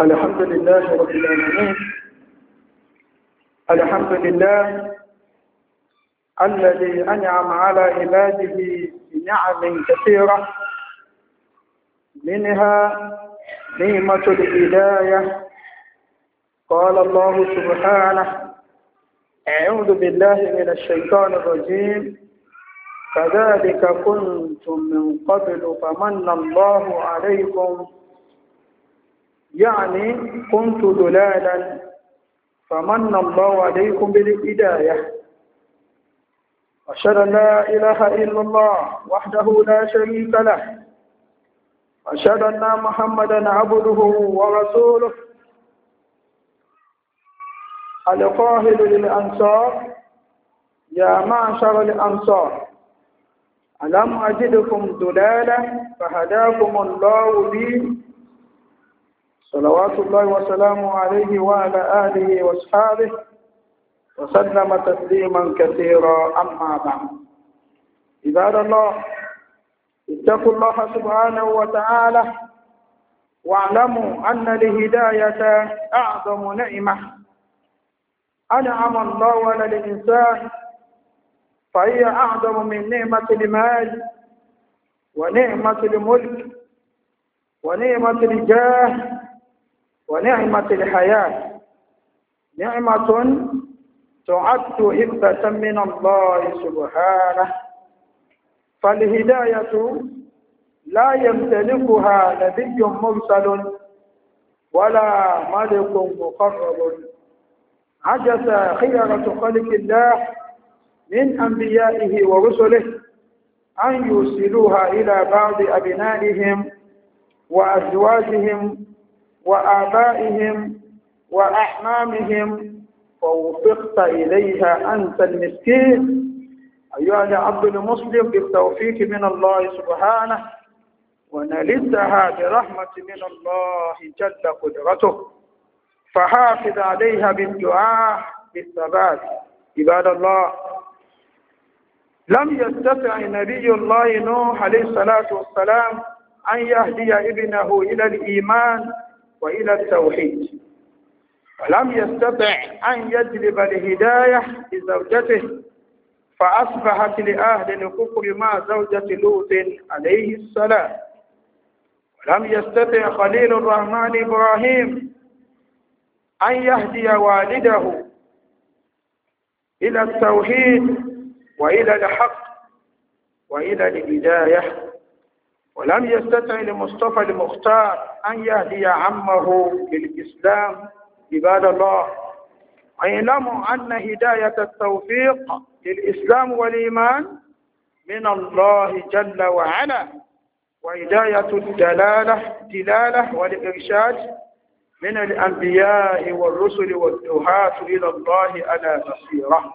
الحمد لله رب العالمين الحمد لله الذي أنعم على عباده بنعم كثيرة منها نعمة الهداية قال الله سبحانه أعوذ بالله من الشيطان الرجيم كذلك كنتم من قبل فمن الله عليكم يعني كنت دلالا فمن الله عليكم بالهداية أشهد أن لا إله إلا الله وحده لا شريك له أشهد أن محمدا عبده ورسوله القاهر للأنصار يا معشر الأنصار ألم أجدكم دلالا فهداكم الله بي صلوات الله وسلامه عليه وعلى آله وأصحابه وسلم تسليما كثيرا أما بعد عباد الله اتقوا الله سبحانه وتعالى واعلموا أن الهداية أعظم نعمة أنعم الله على الإنسان فهي أعظم من نعمة المال ونعمة الملك ونعمة الجاه ونعمة الحياة نعمة تعد هبة من الله سبحانه فالهداية لا يمتلكها نبي مرسل ولا ملك مقرب عجز خيرة خلق الله من أنبيائه ورسله أن يرسلوها إلى بعض أبنائهم وأزواجهم وآبائهم وأحمامهم ووفقت إليها أنت المسكين أيها العبد المسلم بالتوفيق من الله سبحانه ونلدها برحمة من الله جل قدرته فحافظ عليها بالدعاء بالثبات عباد الله لم يستطع نبي الله نوح عليه الصلاة والسلام أن يهدي ابنه إلى الإيمان وإلى التوحيد ولم يستطع أن يجلب الهداية لزوجته فأصبحت لأهل الكفر مع زوجة لوط عليه السلام ولم يستطع خليل الرحمن إبراهيم أن يهدي والده إلى التوحيد وإلى الحق وإلى الهداية ولم يستطع لمصطفى المختار أن يهدي عمه للإسلام عباد الله اعلموا أن هداية التوفيق للإسلام والإيمان من الله جل وعلا وهداية الدلالة دلالة والإرشاد من الأنبياء والرسل والدهاة إلى الله على بصيرة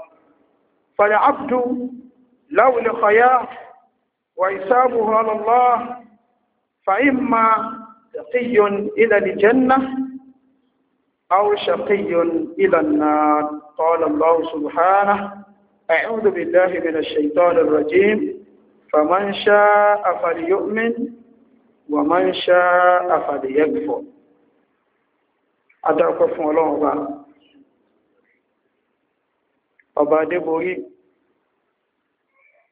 فالعبد لو لخيار وحسابه على الله فإما تقي إلى الجنة أو شقي إلى النار قال الله سبحانه أعوذ بالله من الشيطان الرجيم فمن شاء فليؤمن ومن شاء فليكفر أدعوك فمولون أبا أبا دبوري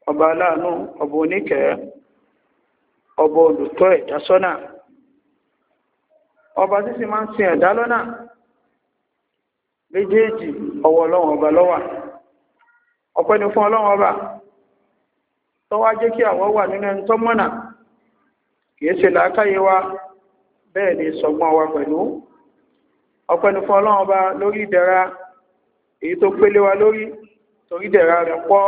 ọba aláàánú ọba oníkẹ̀ẹ́ ọba olùtọ́ ẹ̀dá ọba títí máa ń sin ẹ̀dá lọ́nà méjèèjì ọwọ́ ọlọ́run ọba lọ́wà ọpẹ́ ni fún ọba tó jẹ́ kí àwọ́ wà nínú ẹni tó kìí ṣe làákàyè wa bẹ́ẹ̀ ni ọba lórí ìdẹ̀ra èyí tó pélé wa torí ìdẹ̀ra rẹ̀ pọ̀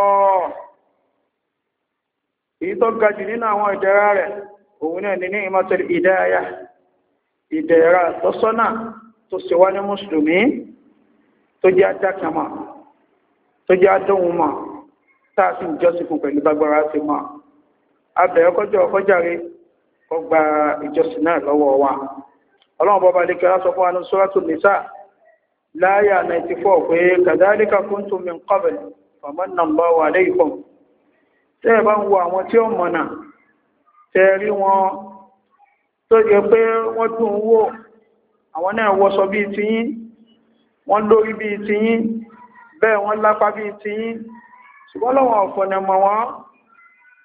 èyí tó ga jù nínú àwọn ìdẹ̀ra rẹ̀ òun náà ni ní ìmọ̀tẹ̀lẹ̀ ìdáyà ìdẹ̀ra tọ́sọ́nà tó ṣe wá ní mùsùlùmí tó jẹ́ adákàmà tó jẹ́ adóhun mọ̀ tá a sì ń jọ́sìn pẹ̀lú bágbára ti mọ̀ abẹ̀rẹ̀ kọjọ́ ọkọjàre tẹ́ ẹ bá ń wo àwọn tí ó mọ̀nà tẹ́ rí wọn tó jẹ pé wọ́n dùn wò àwọn náà wọṣọ bíi tiyín wọ́n lórí ti, tiyín bẹ́ẹ̀ wọ́n lápá bíi tiyín ṣùgbọ́n lọ́wọ́ ọ̀fọ̀nà mọ̀ wọ́n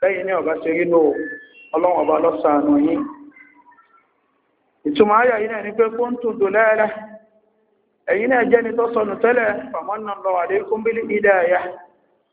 lẹ́yìn ní ọ̀bá ṣe rínú ọlọ́wọ́ ọba lọ́sàánú yìí ìtumọ̀ ayà yìí náà ní pé kó ń tún dò lẹ́ẹ̀rẹ́ ẹ̀yìn náà jẹ́ni tó sọnù tẹ́lẹ̀ fàmọ́nà lọ àdékúnbílì ìdáyà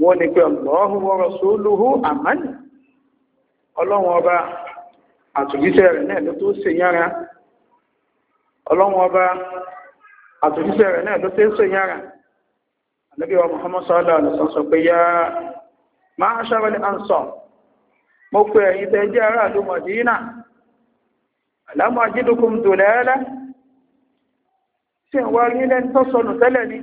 wọ́n ní pé rasuluhu aman ọlọ́run ọba àtòjíṣẹ́ rẹ̀ náà ló tó ṣe yára ọlọ́run ọba àtòjíṣẹ́ rẹ̀ náà ló tó ṣe yára wa Muhammad sallallahu pé yá máa ṣáwẹ́lẹ̀ ansọ̀ mo pè ẹ̀yin tẹ́ jẹ́ ará ìlú Mọ̀dínà alámọ̀ sí tẹ́lẹ̀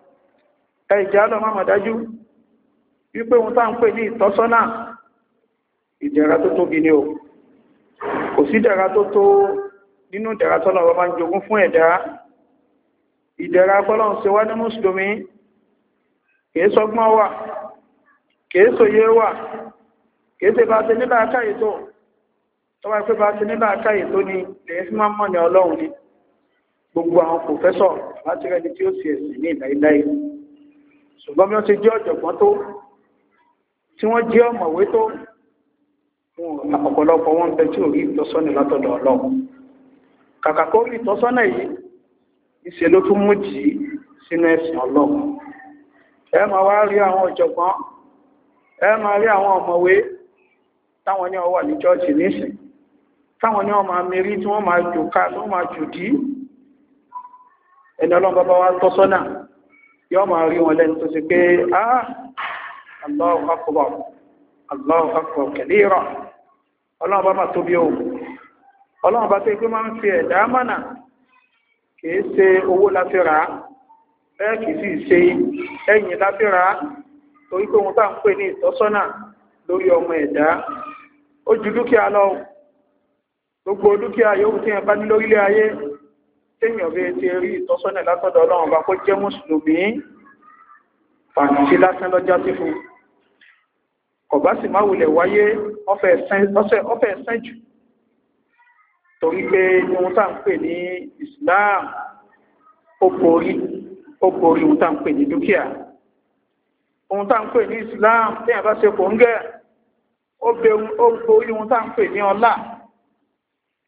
ẹ̀jẹ́ alọ́mọ àmàdájú wípé ohun tá ń pè ní ìtọ́sọ́nà ìdẹ̀ra tó tóbi ni o kò sí dẹ̀ra tó tó nínú dẹ̀ra tọ́lọ̀ ọba ń jogún fún ẹ̀dá ìdẹ̀ra fọ́lọ́n ṣe wá ní mùsùlùmí kìí sọgbọ́n wà kìí sòye wà kìí ṣe bá ṣe ni lèyìn fún máa ń ni gbogbo àwọn pòfẹ́sọ̀ láti rẹni tí ó sì ẹ̀sìn ní ìlàíláì ṣùgbọ́n bí wọ́n ṣe jẹ́ ọ̀jọ̀gbọ́n tó tí wọ́n jẹ́ ọ̀mọ̀wé tó ọ̀pọ̀lọpọ̀ wọn bẹ tí ò rí ìtọ́sọ́nà látọ̀dọ̀ ọlọ́run kàkà kó rí ìtọ́sọ́nà yìí ìṣe ló tún mú jì í sínú ẹ̀sìn ọlọ́run ẹ máa wá rí àwọn ọ̀jọ̀gbọ́n ẹ máa rí àwọn ọ̀mọ̀wé táwọn ní ọwà ní chọ́ọ̀chì nísìn táwọn ní wọ́n máa mérí tí wọ́n máa jù ká tí wọ́n máa jù dí ẹni ọlọ́run yọ́ máa rí wọn lẹ́nu tó ṣe pé ah Allahu akbar Allahu akbar kabira ọlọ́run bá bá tóbi o ọlọ́run bá tó pé máa ń fi ẹ̀dá mọ́nà kìí ṣe owó láfíra bẹ́ẹ̀ kìí sì ṣe ẹ̀yìn láfíra torí pé òun tá ń pè ní ìtọ́sọ́nà lórí ọmọ ẹ̀dá ó ju dúkìá lọ gbogbo dúkìá yòówù tí ẹ bá ní lórílẹ̀ ayé téèyàn bí ti rí ìtọ́sọ́nà látọ̀dọ̀ ọlọ́run bá kó jẹ́ mùsùlùmí fàǹtí lásán lọ́jọ́ sí fún ọ̀bá sì máa wulẹ̀ wáyé ọfẹ́ ẹ̀sán jù torí pé ohun tá ń pè ní Islam ó borí ohun tá ń pè ní dúkìá ohun tá ń pè ní Islam tí àbá ṣe kò ń gẹ́ ó borí ohun tá ń pè ní ọlá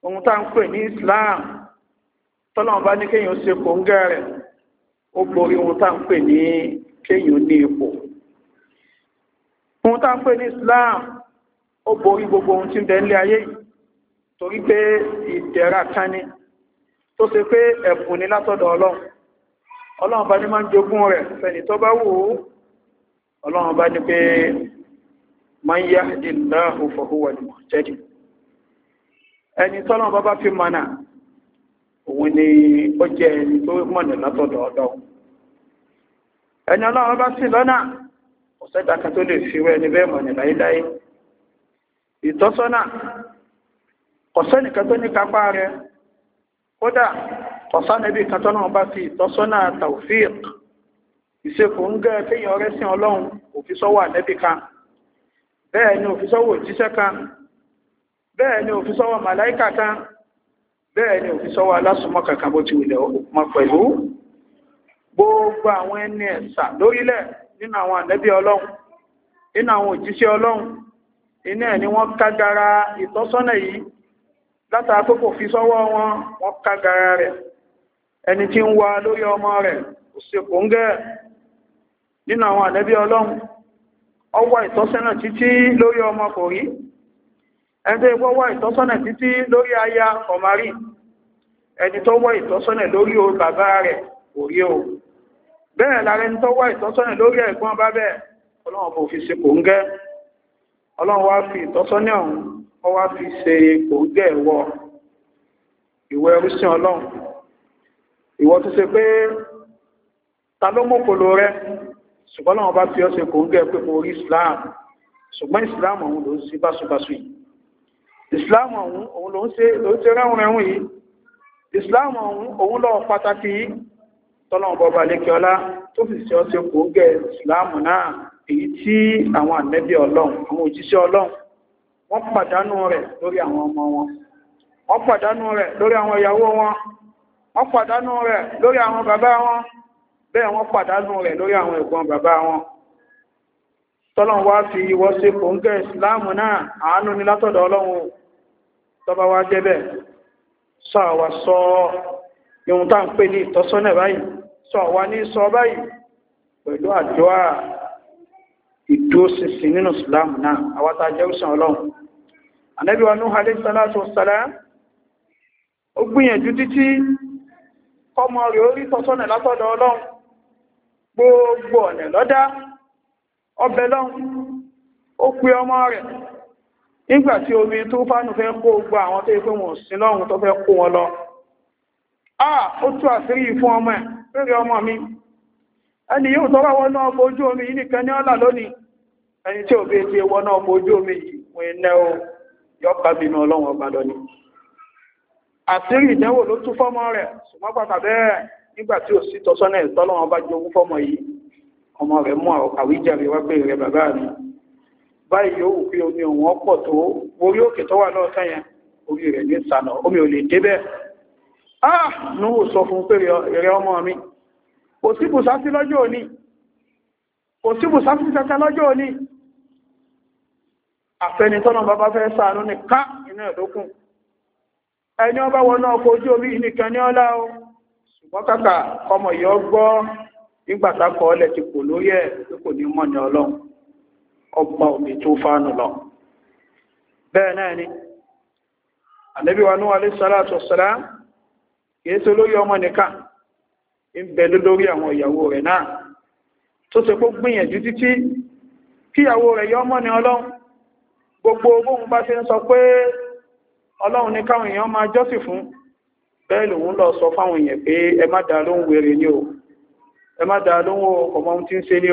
ohun tá ń pè ní Islam tọ́lọ́wọ́n bá ní kéyàn ṣe kò ń gẹ́rẹ̀ ó borí ohun tá ń pè ní kéyàn ní ohun tá ń pè ní Islam ó borí gbogbo ohun tí ń bẹ ayé yìí torí pé ìdẹ̀ra kan tó ṣe pé ẹ̀bùn ni látọ̀dọ̀ ọlọ́run ọlọ́run bá ní máa ń jogún rẹ̀ bá wù ú ọlọ́run bá ní pé yá ẹni tọ́lọ́run bá bá fi mọ̀nà òun ni ó jẹ́ ẹni tó mọ̀nà látọ̀dọ̀ ọ̀dọ̀ ẹni ọlọ́run bá sì lọ́nà ọ̀sẹ́ta kan tó lè fi wẹ́ ni bẹ́ẹ̀ mọ̀nà láíláí ìtọ́sọ́nà kọ̀sẹ́nìkan tó ní kápá rẹ̀ kódà kọ̀sánẹ́bì kan tó náà bá fi ìtọ́sọ́nà tàùfíìk ìsekò ń gẹ́ kéèyàn sí ọlọ́run òfisọ́wọ́ kan bẹ́ẹ̀ ni òfisọ́wọ́ òjíṣẹ́ kan bẹ́ẹ̀ ni òfisọ́wọ́ màláìkà kan bẹ́ẹ̀ ni òfin sọ́wọ́ alásùnmọ́ kankan bó ti wùlẹ̀ òkùnmọ́ pẹ̀lú gbogbo àwọn ẹni ẹ̀sà lórílẹ̀ nínú àwọn ànẹ́bí ọlọ́run nínú àwọn òjíṣẹ́ ọlọ́run iná ẹ̀ ni wọ́n kágara ìtọ́sọ́nà yìí látara pé kò fi sọ́wọ́ wọn wọ́n kágara rẹ̀ ẹni tí ń wa lórí ọmọ rẹ̀ kò sí kòńgẹ́ nínú àwọn ànẹ́bí ọlọ́run ọwọ́ ìtọ́sọ́nà ẹni tó wọ́ ìtọ́sọ́nà títí lórí aya ọmarí ẹni tó wọ́ ìtọ́sọ́nà lórí o bàbá rẹ̀ orí o bẹ́ẹ̀ lára ẹni tó wọ́ ìtọ́sọ́nà lórí ẹ̀gbọ́n bá bẹ́ẹ̀ ọlọ́run bó fi ṣe kòńgẹ́ ọlọ́run wá fi ìtọ́sọ́nà ọ̀hún ọ wá fi ṣe kòńgẹ́ ẹ̀wọ́ ìwọ ẹrúsìn ọlọ́run ìwọ tó ṣe pé ta ló mú polo rẹ ṣùgbọ́n ọlọ́run bá fi ọ́ ṣe kòńgẹ́ pé mo rí Islam ṣùgbọ́n Islam ọ̀hún ló ń sí báṣubáṣu yìí ìsìláàmù ọ̀hún òun ló ń ṣe ló ń ṣe rẹ́hùn rẹ̀hùn yìí ìsìláàmù ọ̀hún òun lọ pàtàkì yìí tọ́lọ́wọ́n bọ́ba lẹ́kẹ́ọ́lá tó fi ṣe ọṣẹ kò gẹ̀ ìsìláàmù náà èyí tí àwọn ànẹ́bí ọlọ́run àwọn òjíṣẹ́ ọlọ́run wọ́n pàdánù rẹ̀ lórí àwọn ọmọ wọn wọ́n pàdánù rẹ̀ lórí àwọn ìyàwó wọn kò ń gẹ̀ ìsìláàmù náà àánú ni látọ̀dọ̀ ọlọ́run tọba wa débẹ̀ sọ àwà sọ ihun tá ń pè ní ìtọ́sọ́nà báyìí sọ àwà ní sọ báyìí pẹ̀lú àdúrà ìdúróṣinṣin nínú Islam náà àwátá jẹ́rùsàn ọlọ́run Ànábì wa Nuhu alayhi títí rẹ̀ orí nígbà tí omi tó fánù fẹ́ kó gbọ́ àwọn tó fẹ́ wọn sí lọ́run tó fẹ́ kó wọn lọ ah ó tú àṣírí fún ọmọ ẹ̀ lórí ọmọ mi ẹni yóò tọ́wọ́ wọn náà fojú omi yìí nìkan ní ọ̀là lónìí ẹni tí òbí ti wọn náà fojú omi yìí wọn iná o yọpa bínú ọlọ́run ọba lọ́ni àṣírí ìdánwò ló tú fọ́mọ rẹ̀ ṣùgbọ́n pàtà bẹ́ẹ̀ nígbà tí ò sí tọ́sọ́nà ìtọ́lọ́run ọba jogún fọ́mọ yìí báyìí yóò wù pé omi òun ọ̀pọ̀ tó orí òkè tó wà lọ́ọ̀tán yẹn orí rẹ̀ ní ìsànà omi ò lè débẹ̀ ah núwò sọ fún pé rẹ ọmọ mi kò sí bùsásí lọ́jọ́ òní kò sí bùsásí kankan lọ́jọ́ òní àfẹni tọ́nà bàbá fẹ́ ṣàánú ní ká iná ìdókùn ẹni ọba wọnà ọkọ̀ ojú omi nìkan ní ọlá o ṣùgbọ́n kàkà ọmọ ìyọ́ gbọ́ nígbàtà kọ́ ọlẹ̀ ti kò lórí ẹ̀ pé kò ní mọ̀ ní ọlọ́run ọgbà omi tó fánù lọ bẹ́ẹ̀ náà ni ànábì wa Nuhu alayhi salatu kìí ṣe lórí ọmọ nìkan ń bẹ lórí àwọn ìyàwó rẹ̀ náà tó ṣe kó gbìyànjú títí rẹ̀ yọ ọmọ ni ọlọ́run gbogbo ogun bá ṣe ń sọ pé káwọn èèyàn fún lòun lọ sọ fáwọn èèyàn pé ẹ má wèrè ni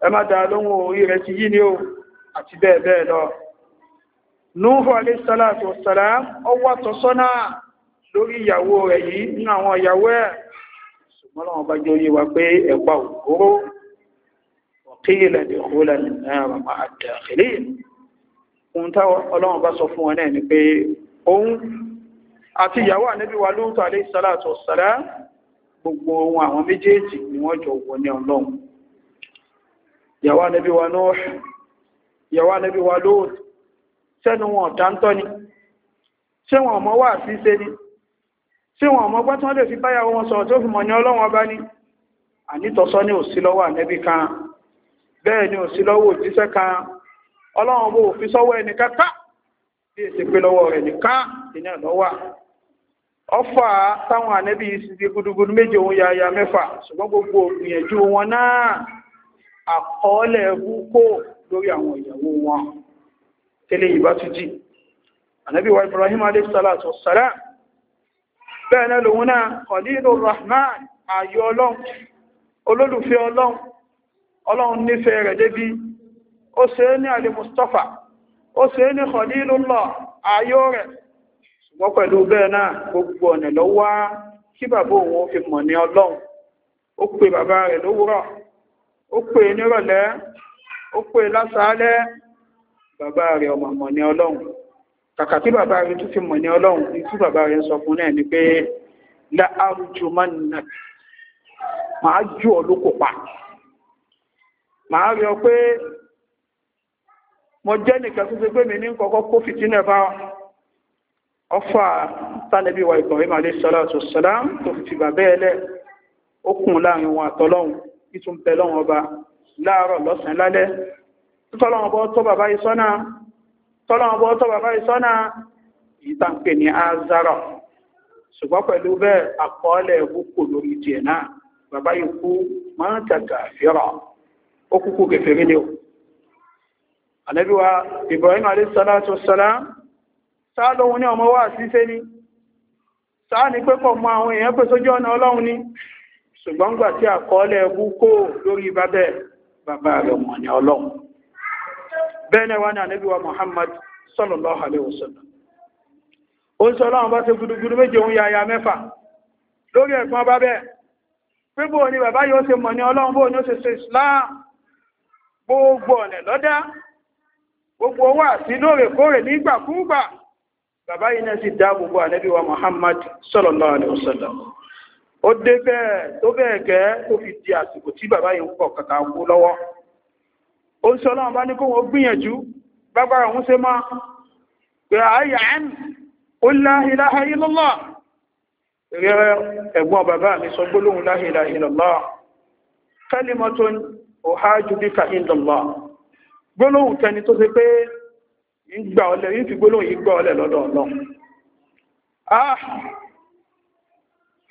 ẹ má dáa lóhun orí rẹ̀ ti yí ni ó àti bẹ́ẹ̀ bẹ́ẹ̀ lọ Nuhu alayhi salatu wassalam ó wá tọ́sọ́nà lórí ìyàwó rẹ̀ yìí nínú àwọn ìyàwó ẹ̀ ṣùgbọ́n wọn bá jẹ́ oyé wa pé ẹ̀pà òkúrò ọ̀kílẹ̀ dẹ̀kúlẹ̀ náà máa àdàkìlì ohun táwọn ọlọ́run bá sọ ni pé gbogbo ohun àwọn méjèèjì ni wọ́n jọ wọ ní ọlọ́run yàwó ànábì wa Nuh yàwó ànábì wa Lut sẹ́nu wọn dáńtọ́ ni ṣé wọn mọ́ wà sí ṣe ni ṣé wọn mọ́ gbọ́tán lè fi báyàwó wọn sọ̀rọ̀ tó fi mọ̀ ní ọlọ́wọ́n bá ní ànítọ́sọ́ ní kan bẹ́ẹ̀ ni òsí lọ́wọ́ òjíṣẹ́ kan ọlọ́wọ́n bó fi sọ́wọ́ ẹni kẹta bí èsì pé lọ́wọ́ rẹ̀ nìkan ìní àlọ́wà ọfà táwọn ànábì yìí ti di méje òun yaya mẹ́fà ṣùgbọ́n gbogbo ìgbìyànjú wọn náà àkọọ́lẹ̀ húkó lórí àwọn ìyàwó wọn tẹ́lẹ̀ ìbá tún jì ànábì wa Ibrahim aleyhisalatu salam bẹ́ẹ̀ náà lòun náà kọ̀lílò rahman ayọ́ ọlọ́run olólùfẹ́ ọlọ́run ọlọ́run nífẹ̀ẹ́ rẹ̀ débi ó ṣe é ní alì mustapha ó ṣe é pẹ̀lú bẹ́ẹ̀ náà gbogbo ọ̀nà ló wá kí bàbá òun fi mọ̀ ní ọlọ́run ó pe bàbá rẹ̀ lówùrọ̀ ó pè é nírọ̀lẹ́ ó pè é lásàálẹ́ bàbá rẹ̀ ọmọ mọ̀ ní ọlọ́run kàkà tí bàbá rẹ̀ tún fi mọ̀ ní ọlọ́run ní tí bàbá rẹ̀ sọ fún náà ni pé láàrùjù máa nà máa jù ọ lókò pa máa rí ọ pé mo jẹ́ nìkan tó láàrin wọn àtọlọ́run ìtúnpẹ̀ lọ́wọ́ ọba láàárọ̀ lọ́sàn lálẹ́ tọ́lọ́wọ́ tọ́ bàbá ìsọ́nà ìtànpẹ̀ ní azara ṣùgbọ́n pẹ̀lú bẹ́ẹ̀ àkọọ́lẹ̀ ẹ̀kú kò lórí tiẹ̀ náà bàbá yìí kú máa ń tàgà fẹ́rọ̀ ó kúkú kẹfẹ́rí ni ó Ànábì wa Ibrahim alayhi salatu wassalam sáà lóhun ní ọmọ wà síṣẹ́ ni ni ṣùgbọ́n gbà tí àkọọ́lẹ̀ ẹbú kó lórí bábẹ́ bàbá rẹ̀ mọ̀ ní ọlọ́run bẹ́ẹ̀ wá ní ànẹ́bíwá Muhammad sallallahu alaihi wasallam ó sọ ọlọ́run bá ṣe gudugudu méje òun yaya mẹ́fà lórí ẹ̀gbọ́n bábẹ́ pípò ní bàbá yóò ṣe mọ̀ ní ọlọ́run sí dá gbogbo ànẹ́bíwá Muhammad sallallahu alaihi wasallam ó dé bẹ́ẹ̀ tó bẹ́ẹ̀ gẹ́ tó fi di àsìkò tí bàbá yìí ń pọ̀ kàkà kú lọ́wọ́ ó ń sọ́lọ́wọ́n bá ní kó wọ́n gbìyànjú bágbára òun ṣe máa pé àáyà ẹ́n ó láhìláhà ilọ́lá rẹ̀ ẹ̀gbọ́n bàbá mi sọ gbólóhùn láhìláhà ilọ́lá kalimatun uhaju bika indallah gbólóhùn kẹni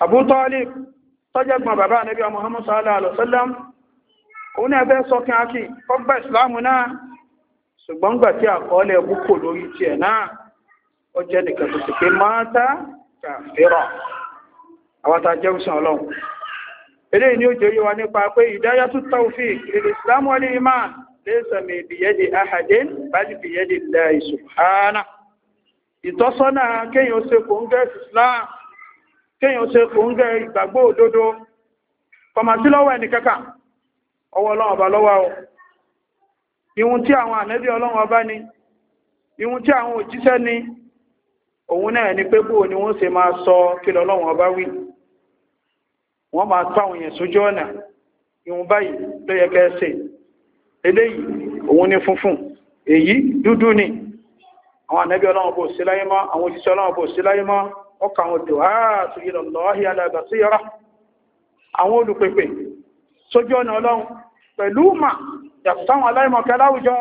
Abu Talib tọ́jẹ́gbọ̀n bàbá Ànábì Muhammad sallallahu alaihi wasallam òun náà fẹ́ sọ kíá kí ọgbà ìsìláàmù náà ṣùgbọ́n gbà tí àkọọ́lẹ̀ búkò lórí tiẹ̀ náà ó jẹ́ nìkan tó sì pé mọ́ta kàfíràn àwọn tá a jẹ́ òsàn ọlọ́run eléyìí ni ó jẹ́ yíwa ìtọ́sọ́nà kéèyàn ó ṣe kò islam kéèyàn ṣe kò ń gẹ ìgbàgbọ́ òdodo kọmàtí lọ́wọ́ ẹni kẹ́kà ọwọ́ ọlọ́run ọba lọ́wọ́ o ìhun tí àwọn ànẹ́bí ọlọ́run ni ìhun tí àwọn òjíṣẹ́ ni òun náà ni pé bóò ni wọ́n ṣe máa sọ kí lọ́lọ́run ọba wí wọ́n máa ọkà àwọn du'atu ila Allahi ala basira àwọn olùpèpè sójú ọ̀nà ọlọ́run pẹ̀lú ma yàtọ̀ táwọn aláìmọ̀kẹ́ láwùjọ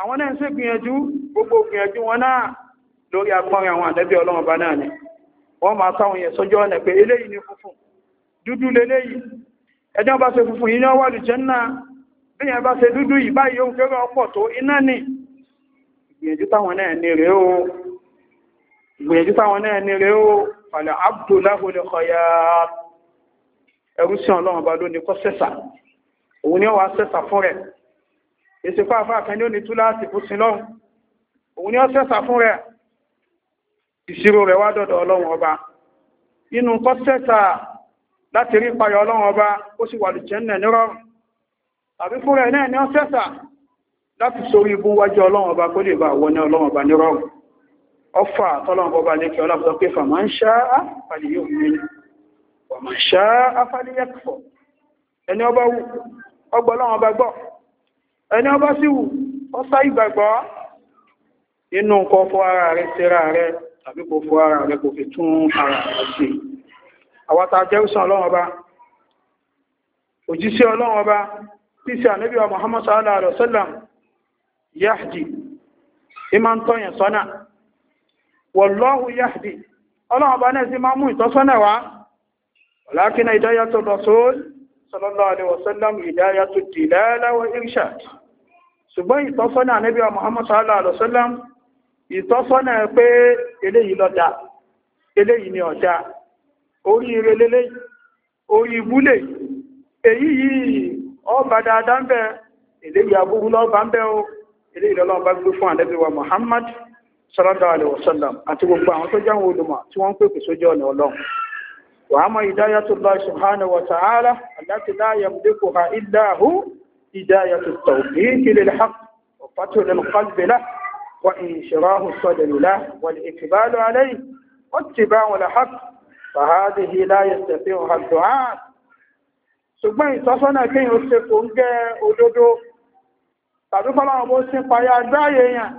àwọn náà ń ṣe gbìyànjú gbogbo gbìyànjú wọn náà lórí agbọ́nrin àwọn àdẹ́bí ọlọ́run bá náà ni ìgbìyànjú táwọn náà ní rẹ̀ ó fàlẹ̀ abdullahulẹ̀ kọ̀yà ẹrú ọlọ́run bá lónìí kọ́ sẹ́sà òun ni ó wà sẹ́sà fún rẹ̀ èsì pàápàá àfẹ́ ní ó ní fún sí òun ni ó sẹ́sà fún rẹ̀ ìṣirò rẹ̀ wá dọ̀dọ̀ ọlọ́run ọba inú kọ́ sẹ́sà láti rí payọ ọlọ́run ọba ó sì wà lù jẹ́ nẹ̀ nírọ̀rùn tàbí fún rẹ̀ náà ni ó sẹ́sà láti sórí ibú wájú ọlọ́run ọba ọfà tọ́lọ̀bọba lè kí ọlọ́pọ̀ pé fà máa ń ṣá àfàlì yóò mẹ́rin wà máa ṣá àfàlì yẹ́kọ̀ọ́ ẹni ọba wù ọgbọ̀ lọ́wọ́ bá gbọ́ ẹni ọba sí wù ọsá ìgbàgbọ́ inú nǹkan fọ́ ara rẹ̀ tẹ́ra rẹ̀ tàbí wa Muhammad sallallahu alaihi wasallam yahdi iman tọ́yìn wọ̀lọ́hù yáàdì ọlọ́ọ̀bá náà sí máa mú ìtọ́sọ́nà wá ọ̀lákínà ìdáyàtò rọ̀sọ́l ṣùgbọ́n èyí ọba dáadáa ń lọ́ba ń lọ́lọ́ba gbé fún Muhammad sallallahu alaihi wasallam àti gbogbo àwọn tó jáwọn olùmọ̀ tí wọ́n ń pèpè sójú ọ̀nà ọlọ́run wà á mọ hidayatullah subhanahu wa ta'ala allati la yamlikuha illa hu hidayatut tawfiq lil haqq wa fathul qalbi lahu wa inshirahu sadri lahu wal iqbalu alayhi wa ittiba'u al haqq ṣùgbọ́n ìtọ́sọ́nà kéèyàn ṣe kò ń gẹ́ òdodo tàbí fọ́lọ́wọ́ bó ṣe payá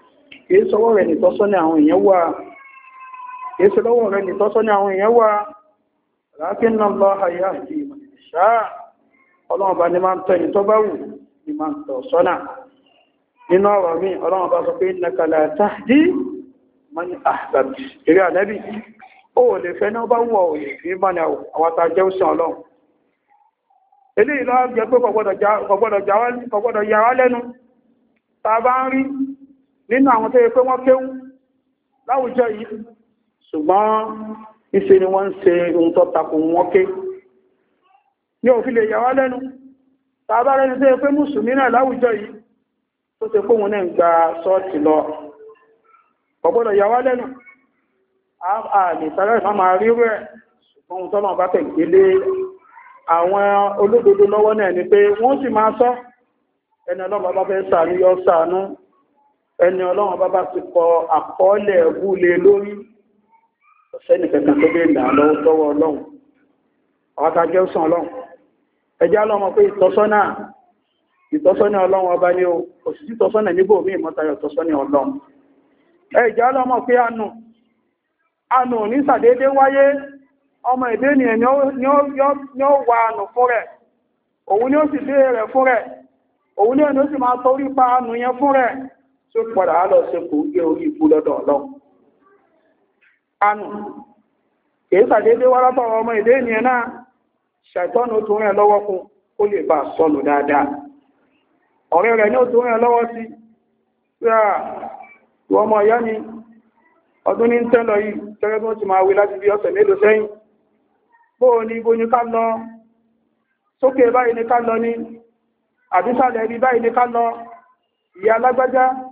kìí sọwọ́ rẹ̀ nìtọ́sọ́nà àwọn èèyàn wà kìí sọwọ́ rẹ̀ nìtọ́sọ́nà àwọn èèyàn wà lákín náà lọ àyà àti ìmọ̀lẹ̀ṣá ọlọ́run bá ní máa ń tọ́ ẹni tó bá wù ní máa ń tọ́ sọ́nà nínú ọ̀rọ̀ mi ọlọ́run bá sọ pé nàkàlà tàdí man ahbabti eré ànábì ó lè fẹ́ náà bá wù ọ̀yẹ̀ fi mọ́ ni àwọn ta jẹ́ òsìn ọlọ́run eléyìí lọ́wọ́ jẹ́ pé kò gbọ́dọ̀ yà wá lẹ́nu ta bá ń rí nínú àwọn tó yẹ pé wọ́n kéwú láwùjọ yìí ṣùgbọ́n ìṣe ni wọ́n ń ṣe ohun tó takò wọ́n ké ní òfin lè yàwá lẹ́nu tàbá rẹ̀ tó yẹ pé mùsùlùmí náà láwùjọ yìí tó ṣe kóhun náà gba ṣọ́ọ̀tì lọ ọgbọ́dọ̀ yàwá lẹ́nu àwọn olódodo lọ́wọ́ náà ni pé wọ́n sì máa sọ ẹni ọlọ́pàá bá fẹ́ ṣàánú yọ ṣàánú ẹni ọlọ́run bá bá ti kọ àkọọ́lẹ̀ lórí ọ̀sẹ́ni kankan tó lọ́wọ́ tọ́wọ́ ọlọ́run ọ̀tá jẹ́ ọ̀sán ọlọ́run ẹjẹ́ ọlọ́mọ pé ìtọ́sọ́nà ìtọ́sọ́nà ọlọ́run ọba ni o òṣìṣì tọ́sọ́nà tọ́sọ́nà ní ọmọ tí padà á lọ ṣe kò gé orí ikú lọ́dọ̀ ọlọ́run anù kìí sàdédé wá ọmọ ìdé ènìyàn náà ṣàìtọ́nù tó rẹ̀ lọ́wọ́ fún ó lè bá sọnù dáadáa ọ̀rẹ́ rẹ̀ ní ó tó rẹ̀ lọ́wọ́ sí wọ́n ọmọ ọ̀yá ni ọdún ní tẹ́lọ yìí ti máa wí láti bí ọ̀sẹ̀ mélòó sẹ́yìn ní ká lọ sókè báyìí ní ká lọ ní àbísàlẹ̀ báyìí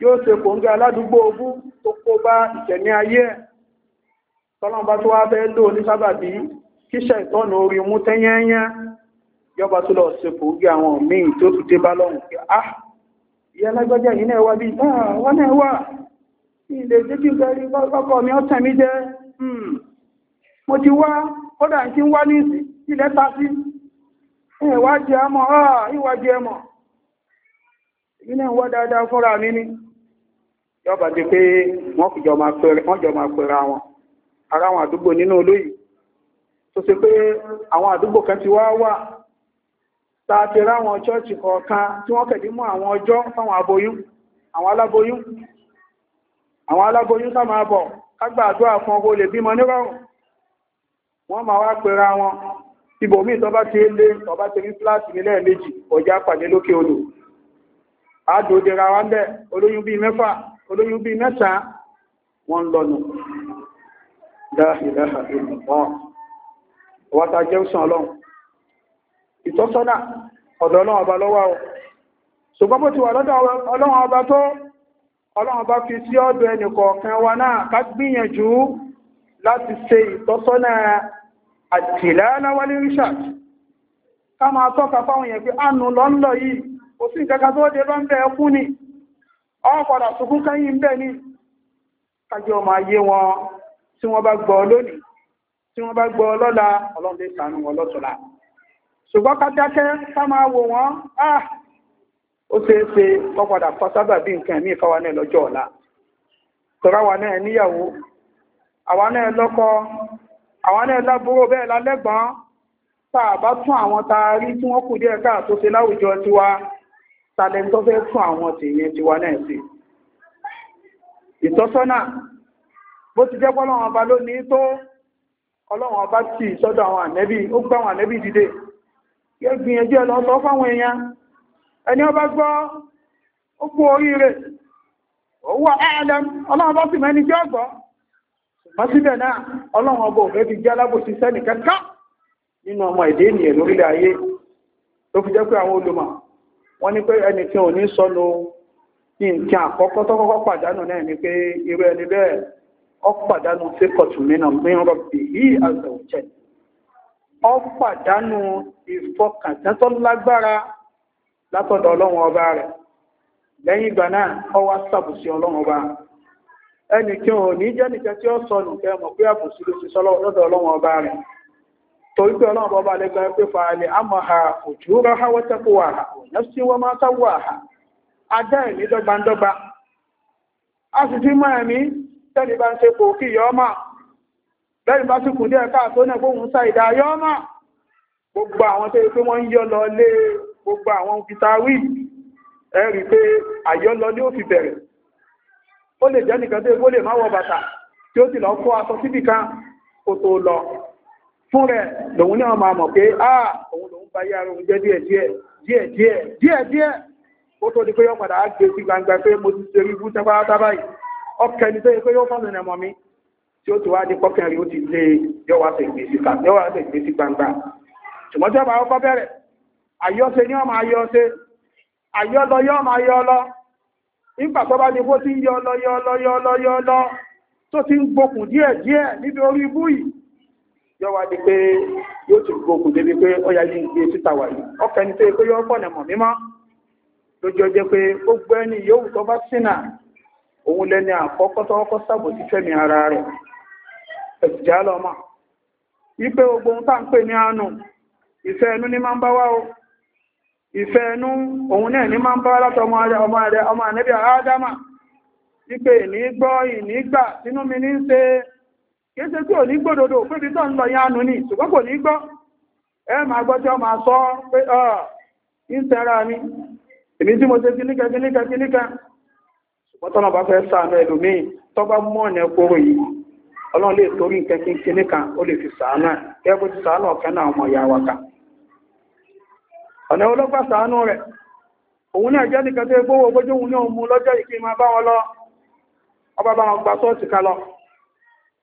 yóò ṣe kò ń gẹ aládùúgbò ogún tó kó bá ìṣẹ̀ní ayé ẹ̀ tọ́lọ́mbá tó wá fẹ́ lò ní sábàbí kíṣẹ̀ ìtọ́nà orí mú tẹ́yẹ́yẹ́ yọba tó lọ ṣe kò àwọn míì tó tún dé bá lọ́hùn pé ah ìyá lágbájá yìí náà wá bí ah, wọ́n náà wà ilé jẹ́ kí gẹ̀rí kọ́kọ́ mi ọ̀tẹ̀ mi jẹ́ hmm. mo ti wá kódà ń kí ń wá ìwádìí ẹmọ̀ fọ́ra mi ni yọba di pé wọ́n jọ máa pẹ̀rẹ̀ àwọn ara àwọn àdúgbò nínú olóyìí tó ṣe pé àwọn àdúgbò kan ti wá wà tààtì ráwọn chọ́ọ̀chì kọ̀ọ̀kan tí wọ́n kẹ̀dí mú àwọn ọjọ́ fáwọn aboyún àwọn aláboyún àwọn aláboyún sáà máa bọ̀ kágbà àdúrà fún ọgbó lè bímọ nírọ̀rùn wọ́n máa wá pẹ̀ra wọn ibòmíì tó bá ti lé tó bá ti rí fúláàtì nílẹ̀ méjì ọjà pàdé lókè odò àádòdera wa ń bẹ̀ olóyún bíi mẹ́fà olóyún bíi mẹ́ta wọ́n ń lọ́nu dáhìdáhà ìrìnbọn ọwátá jẹ́ òsàn ọlọ́run ìtọ́sọ́nà ọ̀dọ̀ ọlọ́run ọba lọ́wọ́ ọ ṣùgbọ́n bó ti wà lọ́dọ̀ ọlọ́run ọba tó ọlọ́run ọba fi sí ọ̀dọ̀ ẹnì kọ̀ọ̀kan wa náà ká gbìyànjú láti ṣe ìtọ́sọ́nà àtìláláwálé richard ká máa tọ́ka fáwọn èèyàn pé àánú lọ́ńlọ yìí kò sí ìkẹ́kẹ́ tó dé bá ń bẹ ẹkún ni ọ́n padà sùkún kẹ́yìn bẹ́ ní kájọ máa yé wọn tí wọ́n bá gbọ́ lónìí tí wọ́n bá gbọ́ lọ́la ọlọ́run lè ṣàánú wọn lọ́tọ̀la ṣùgbọ́n ká dákẹ́ ká máa wò wọ́n á ah! ó ṣeé ṣe wọ́n padà kọ sábà bí nǹkan ẹ̀mí ìfáwa náà lọ́jọ́ ọ̀la tọ́ra wa náà níyàwó àwa náà lọ́kọ àwa bẹ́ẹ̀ lálẹ́gbọ́n tá a bá tún àwọn taari tí wọ́n kù díẹ̀ káà tó ṣe láwùjọ tiwa talent tó fẹ́ fún àwọn tèèyàn ti wà náà sí ìtọ́sọ́nà bó ti jẹ́ pọ́lọ́wọ́n ọba tó ọlọ́wọ́n ọba ti sọ́dọ̀ àwọn ànẹ́bí ó gbá àwọn ànẹ́bí dìde yẹ́ gbìyànjú ẹ̀ sọ fáwọn èèyàn ọba gbọ́ ó kú oríire owó ẹ̀ẹ́lẹ́m ọlọ́wọ́n sì mẹ́ni jẹ́ náà ọlọ́wọ́n ọba jẹ́ alábòsí ọmọ ìdí ènìyàn lórílẹ̀ ayé tó fi jẹ́ pé wọ́n ní pé ẹni tí ò ní sọnù pàdánù náà ni pé irú ẹni bẹ́ẹ̀ pàdánù sí kọ̀tùmínà mìíràn bí i àzẹ̀wòjẹ́ ọ pàdánù ìfọkàntán tó lágbára látọ̀dọ̀ ọlọ́run ọba rẹ̀ lẹ́yìn ìgbà náà ó wá sàbùsí ọba ò ní tí ó sọnù kẹ́ mọ̀ pé àbùsí ló ọba rẹ̀ torí pé ọlọ́run bọ́ba lẹ́gbẹ́ pé fàálẹ̀ àmọ́ ha òjò rọ́há wọ́tẹ́kù wà ha òyìn wọ́n máa sá wà ha adá ẹ̀mí dọ́gbandọ́gba a sì ti mọ ẹ̀mí tẹ́lẹ̀ bá ń ṣe kò kí lẹ́yìn bá sì kù díẹ̀ gbogbo àwọn tó yẹ pé wọ́n ń gbogbo àwọn fitawi ẹ rí pé àyọ́lọ ni ó bẹ̀rẹ̀ ó lè jẹ́ nìkan tó yẹ kó lè má wọ fún rẹ̀ lòun náà máa mọ̀ pé àà ah, òun lòun bá yára òun jẹ́ díẹ̀ díẹ̀ díẹ̀ díẹ̀ díẹ̀ díẹ̀ ó tó di pé yóò padà gbé sí gbangba pé mo ti ṣe rí ibú tábàtà báyìí ọkẹ́ ni tó yẹ pé yóò fọ́nà nà mọ́ mi tí ó ti wá di pọ́kẹ́ rí ó ti lé yóò wá ṣe gbé sí gbangba ṣùgbọ́n tí ó bá kọ́ bẹ̀rẹ̀ àyọ́ṣe ni ọmọ àyọ́ṣe àyọ́lọ yọ́ ma yọ́ lọ nígbà tó bá ní bó ti ń yọ́ lọ yọ́wá di pé yóò ti gbogbo débi pé ó yájú ìgbé síta wà yìí ọkọ ẹni tó yẹ pé ọkọ ọ̀nà mọ̀ mímọ́ lójú ọjọ́ pé ó gbọ́ ẹni yóò tó bá sínà òun lẹ́ni àkọ́kọ́ tọ́wọ́kọ́ sàbò ti ara rẹ̀ ẹ̀sìjá lọ́mà wípé gbogbo ohun tá ẹnu ní máa o ìfẹ́ ẹnu òun náà ní máa ń bá wá ọmọ ọmọ ọmọ ànẹ́bí kìí ṣe tí ò ní gbódòdó pébi tó ń lọ ya nù ní ṣùgbọ́n kò ní gbọ́ ẹ máa gbọ́ tí ọ máa sọ pé ọ ń tẹ́ra mi èmi tí mo ṣe kíníkà kíníkà kíníkà ṣùgbọ́n tọ́nà bá fẹ́ ṣàánú ẹlòmíì fi ọmọ ya òun náà jẹ́ nìkan tó gbówó òun mú lọ́jọ́ bá wọn ọba gba lọ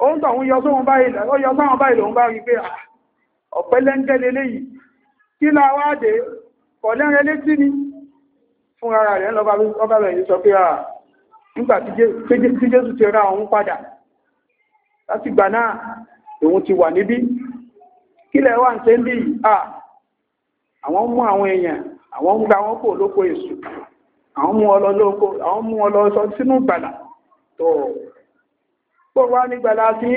oún tọ̀hún yọ sóhun báyìí lòun bá rí pé ah, ọ̀pẹ́ lẹ́ńgẹ́lẹ́ léyìí kí láwáàdé kọ̀lẹ́rẹ́ létí ni fún ara rẹ̀ lọ́bá rẹ̀ sọ pé à ah, nígbà tí Jésù ti ra òun padà láti gbà náà òun ti wà níbí kí lẹ̀ wà ń ṣe ń bí à àwọn mú àwọn èèyàn àwọn ń gba wọn kò lóko èṣù àwọn mú ọlọ sínú ìgbàlà pọ̀ wá ní gbàlá sí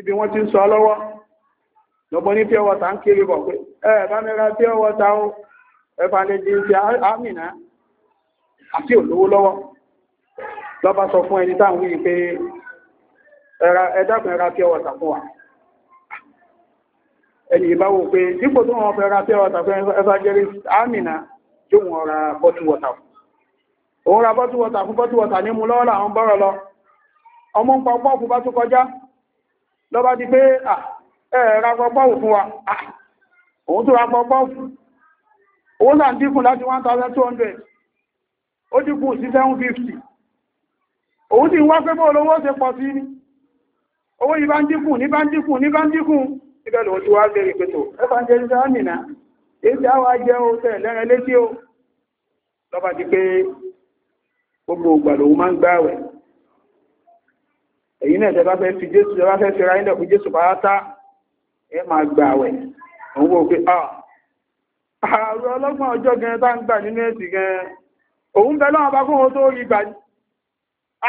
ibi wọ́n ti ń sọ lọ́wọ́ lọ́gbọ́n ní pure water ń kiri bọ̀ pé ẹ ti àti olówó lọ́wọ́ sọ fún ẹni táwọn wí pé ẹ dákun ẹ ra fún wa ẹni wo pé dípò tó wọ́n fẹ́ ra pure water fún ẹfà jẹ́rí àmìnà tí òun ra fún lọ ọmọ ń pa pọ́ọ̀fù bá tó kọjá lọ́ba di pé ẹ̀ẹ̀ra pọ́ọ̀fù fún wa òun tó ra pọ́ọ̀fù owó náà dínkù láti 1200 ó dínkù sí 750 òun sì ń wá pé bóòlù owó ṣe pọ̀ sí ní owó yìí bá ń dínkù ní bá ń dínkù ní bá ń dínkù ibẹ̀ lòun ti wá bẹ̀rẹ̀ pẹ̀tọ̀ ẹ̀fà ń jẹ́ ìṣẹ́ àmìnà èyí tí a wá o tẹ̀ o lọ́ba di pé gbogbo ògbà èyí náà tẹ bá fẹ́ fi jésù tẹ bá fẹ́ fi ra ilẹ̀ fún jésù pátá ẹ máa gbà wẹ̀ òun pé ah ọlọ́gbọ̀n ọjọ́ gan bá ń gbà nínú ẹ̀sìn gan òun bẹ lọ́wọ́ bá kóhun tó rí gbà ní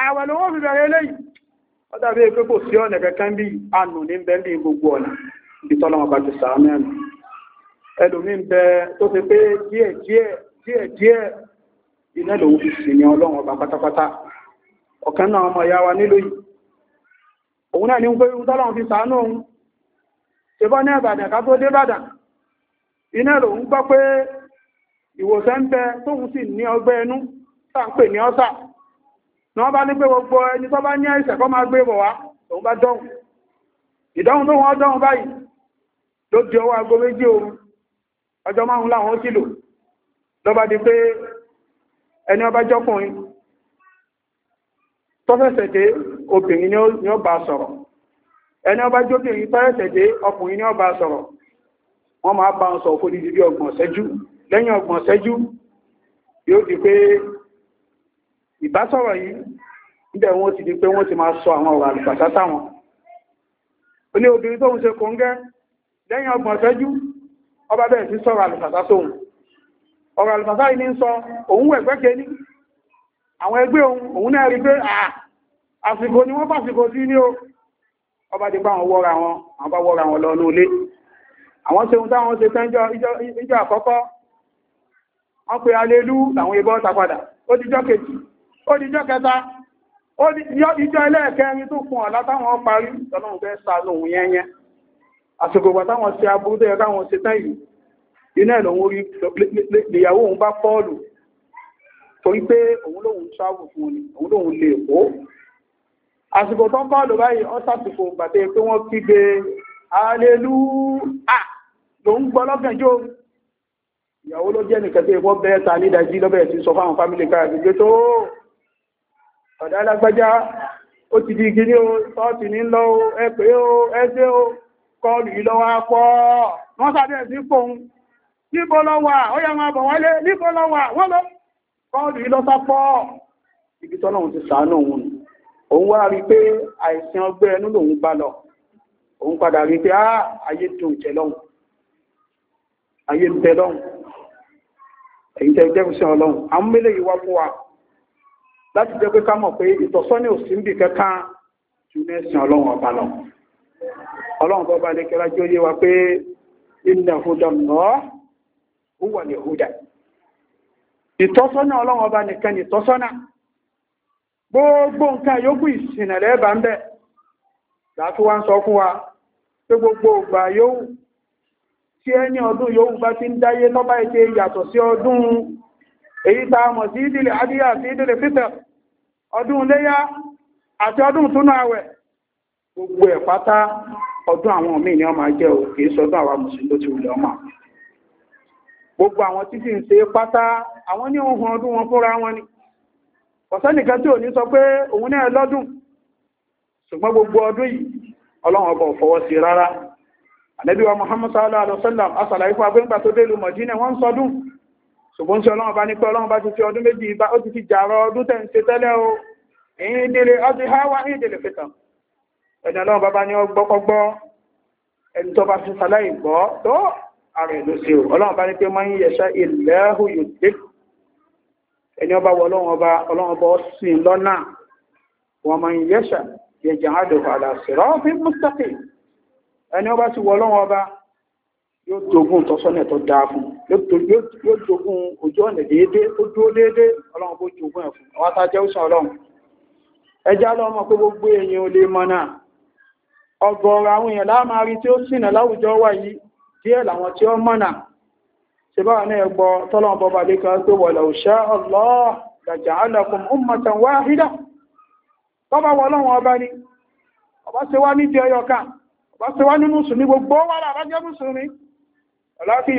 ààwẹ̀ lówó fi bẹ̀rẹ̀ eléyìí ó dàbí pé kò sí ọ̀nà kankan gbogbo ọ̀nà ibi ti ẹlòmí ń bẹ tó fi pé díẹ̀ díẹ̀ díẹ̀ díẹ̀ iná lòun fi sì ní ọlọ́run ọba pátápátá ọ̀kan náà ọmọ ìyá wa nílò yìí òun náà ni ń pé tọ́lọ́run fi sàánú òun ṣe bọ́ ní ẹ̀bàdàn ká tó dé bàdàn iná lòun gbọ́ pé ìwòsàn ń bẹ tóun sì ní ọgbẹ́ inú tá ń pè ní ọ́sà ni wọ́n bá ní pé gbogbo ẹni tó bá ní àìsàn kọ́ máa gbé bọ̀ wá òun bá dọ́hùn ìdọ́hùn tó wọ́n báyìí ló di ọwọ́ aago méjì òru ọjọ́ márùn-ún láwọn ó sì lò lọ́ba di pé ẹni ọba jọ́kùnrin tọ́fẹ́sẹ̀ dé obìnrin ni ó bá sọ̀rọ̀ ẹni ọba jóbìnrin tọ́fẹ́sẹ̀ dé ọkùnrin ni ó bá sọ̀rọ̀ wọ́n máa bá ń sọ fún ìdí bí ọgbọ̀n ṣẹ́jú lẹ́yìn ọgbọ̀n ṣẹ́jú yóò di pé ìbásọ̀rọ̀ yìí níbẹ̀ wọ́n ti di pé wọ́n ti máa sọ àwọn ọ̀rọ̀ àlùpàṣá táwọn ó obìnrin tóun ṣe kóńgẹ́ lẹ́yìn ọgbọ̀n ṣẹ́jú ọba bẹ̀rẹ̀ sí sọ̀rọ̀ àlùpàṣá tóun ọ̀rọ̀ àlùpàṣá yìí ní sọ òun wẹ̀gbẹ́kẹ́ ní àwọn ẹgbẹ́ òun náà rí pé àsìkò ni wọ́n fàsìkò sí ní o ọba ti bá wọn wọ́ra wọn àwọn bá wọ́ra wọn lọ́nà olé àwọn ṣe ohun táwọn ṣe tẹ́jọ́ ìjọ àkọ́kọ́ wọ́n pe alélú làwọn ibọ́ ta padà ó dijọ́ kejì ó dijọ́ kẹta ó dijọ́ ẹlẹ́ẹ̀kẹrin tó fún ọ̀lá táwọn parí tọ́lọ́run fẹ́ sàánú òun yẹnyẹn àsìkò ìgbà táwọn ṣe aburú tó yẹ káwọn ṣe tẹ́yìn iná ẹ̀ lòun rí lèyàwó òun bá pọ́ọ̀lù torí pé òun lòun ṣáàbù fún ni òun lòun lè kó àsìkò tó ń bá lò báyìí ọ́ sàtìkò gbàtẹ́ pé wọ́n kígbe alelúà ló ń gbọ́ lọ́gànjọ́ ìyàwó ló jẹ́ nìkan tí wọ́n bẹ́ẹ̀ ta nídàjí lọ́bẹ̀ẹ́ sí sọ fáwọn fámílì káàkiri tó ọ̀dá alágbájá ó ti di igi ní o sọ́ọ̀tì ní lọ o ẹ pé o ẹgbẹ́ o kọlù yìí lọ́wọ́ apọ̀ wọ́n sáré sí fóun níbo lọ wà ó yà máa bọ̀ wálé níbo lọ wà wọ́n lọ kọ́ọ̀lù lọ́sápọ̀ ibi tọ́lọ́run ti sàánà òun òun wá rí pé àìsàn ọgbẹ́ ẹnu lòun bá lọ òun padà rí pé á ayé dùn jẹ lọ́hùn ayé ń bẹ lọ́hùn èyí tẹ́ jẹ́ ìṣẹ́ ọlọ́hùn àwọn mélòó yìí wá fún wa láti jẹ́ pé ká mọ̀ pé ìtọ́sọ́nì òsì ń bì kẹ́kà ju mẹ́sìn ọlọ́hùn ọba lọ ọlọ́hùn tó bá lè kẹ́ra jẹ́ ó yé wa pé ìnà hudan Allah huwa al-huda ìtọ́sọ́nà ọlọ́run ọba nìkan ìtọ́sọ́nà gbogbo nǹkan yóò ìsìnà lẹ́ẹ̀bà ń bẹ̀ láti wá wa pé gbogbo ògbà yóò tí ẹni ọdún yóò bá ti ń dáyé lọ́bá ètè yàtọ̀ sí ọdún èyí mọ̀ sí ìdílé adíyà gbogbo ẹ̀ pátá ọdún àwọn míì ni jẹ́ òkè sọdún mùsùlùmí tó gbogbo àwọn tí sì ń ṣe pátá àwọn ní ohun ọdún wọn fúnra wọn ni ọ̀sẹ́nìkan tí ò ní sọ pé òun náà lọ́dún ṣùgbọ́n gbogbo ọdún yìí ọlọ́run ọba ò sí rárá ànábì wa Muhammad sallallahu alaihi wasallam asàlàyé fún agbẹ́gbà tó dé ìlú Mọ̀dínà wọ́n ń sọdún ṣùgbọ́n tí ọlọ́run bá ní pé ọlọ́run bá ti fi ọdún méjì bá ó ti fi jàrọ ọdún tẹ̀ ń ṣe tẹ́lẹ̀ tó bá fi sàlàyé gbọ́ tó ara ìlú si o ọlọ́run ẹni ọba wọ wọ ọlọ́run ọba yóò dogun tọ́sọ́nà tó dáa fún yóò dogun ojú ọ̀nà déédéé ó dúró déédéé ọlọ́run bó jogún ẹ̀ fún jẹ́ òsàn ọlọ́run ẹjá lọ́mọ pé gbogbo èèyàn ò lè náà ọgọ́rọ̀ àwọn èèyàn tí ó díẹ̀ làwọn tí ó mọ́nà ṣe bá ní ẹgbọ́ tọ́lọ́n bọba lè kan pé wọ̀lẹ̀ òṣẹ́ Allah laja'alakum ummatan wahida bọ́bá wọlọ́wọ́n ọba ni ọba ṣe wá ní di ọyọ kan ọba ṣe wá ní mùsùlùmí gbogbo wà lára mùsùlùmí ọláfi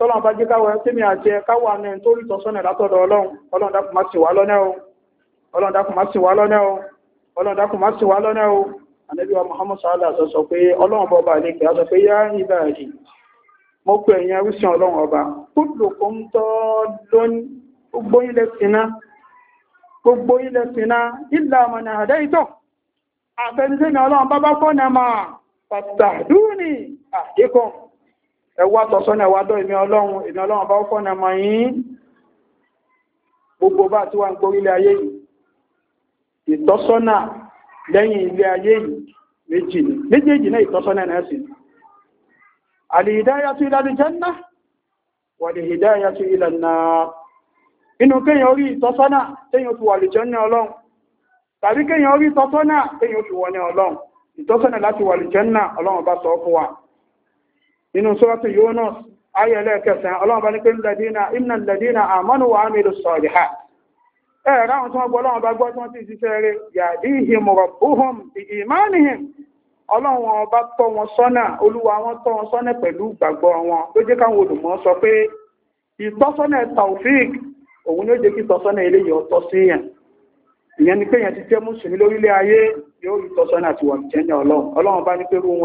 tọ́lọ́n bá jẹ́ káwọn tẹ́mi àjẹ káwọn ní tó rí tọ́sọ́nà látọ̀dọ̀ ọlọ́run ọlọ́run dákun má ṣì wá lọ́nà o ọlọ́run dákun má ṣì wá lọ́nà o ọlọ́run dákun má ṣì wá lọ́nà o ànábì wa Muhammad sallallahu alaihi sọ pé ọlọ́run bọba ní kí a sọ pé yá ibà rí mo pè ẹ̀yìn ẹrúsìn ọlọ́run ọba kullukum ẹwà tọ̀sọ́nà ẹwàdọ́ ìmẹ́ ọlọ́run ìnà ọlọ́run bá ọkọ̀ nà máa yìí gbogbo bá tí wà ń gbórílẹ̀ ayé yìí ìtọ́sọ́nà lẹ́yìn ilé ayé yìí méjì ni méjèèjì náà ìtọ́sọ́nà náà sì alìhìdáyàtú ìlàlì jẹ́nà wà lè hìdáyàtú ìlànà inú kéyàn orí ìtọ́sọ́nà téyàn fi wà lè jẹ́nà ọlọ́run tàbí kéyàn orí ìtọ́sọ́nà téyàn inu sọ́ọ̀tù Yunus ayẹ̀lẹ́ kẹsàn-án ọlọ́run bá ní pé inna amanu wa amilu salihat ẹ̀rọ àwọn tí ọba tọ́ wọn sọ́nà olúwa wọn tọ́ wọn sọ́nà pẹ̀lú wọn jẹ́ káwọn sọ pé ìtọ́sọ́nà taufik òun ló jẹ́ kí sí ìyẹn ni pé ti jẹ́ lórílẹ̀ ayé yóò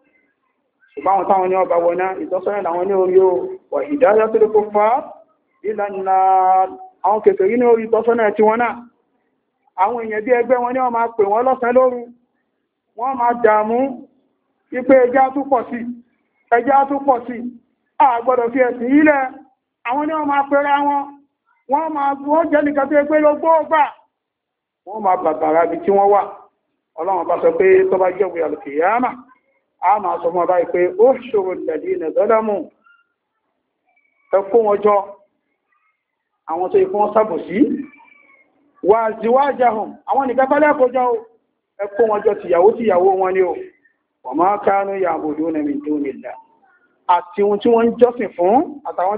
ṣùgbọ́n àwọn táwọn ní ọba wọná ìtọ́sọ́nà àwọn ní orí o wà ìdájọ́ tó lè kó fa ìlànà àwọn kèfèrí ní orí ìtọ́sọ́nà tí wọ́n náà àwọn èèyàn bí ẹgbẹ́ wọn ní wọ́n máa pè wọ́n lọ́sàn lóru wọ́n máa dààmú ipé ẹjá tó pọ̀ sí ẹjá a gbọ́dọ̀ fi ẹ̀sìn ilẹ̀ àwọn ní wọ́n máa pèrà wọn wọ́n máa wọ́n jẹ́ nìkan tó pé ló gbóògbà wọ́n a máa sọ mọ́ báyìí pé ó ṣòro ìdàdí ilẹ̀ zọ́lámù ẹkún ọjọ́ àwọn tó ikú wọn sábòsí wà zíwájá hùn àwọn nìkan fẹ́lẹ́ kọjọ́ ẹkún ọjọ́ tìyàwó tìyàwó wọn ni ó wọ́n máa kánú yàbòdó nẹ̀mí tó nílẹ̀ àti ohun tí wọ́n ń jọ́sìn fún àtàwọn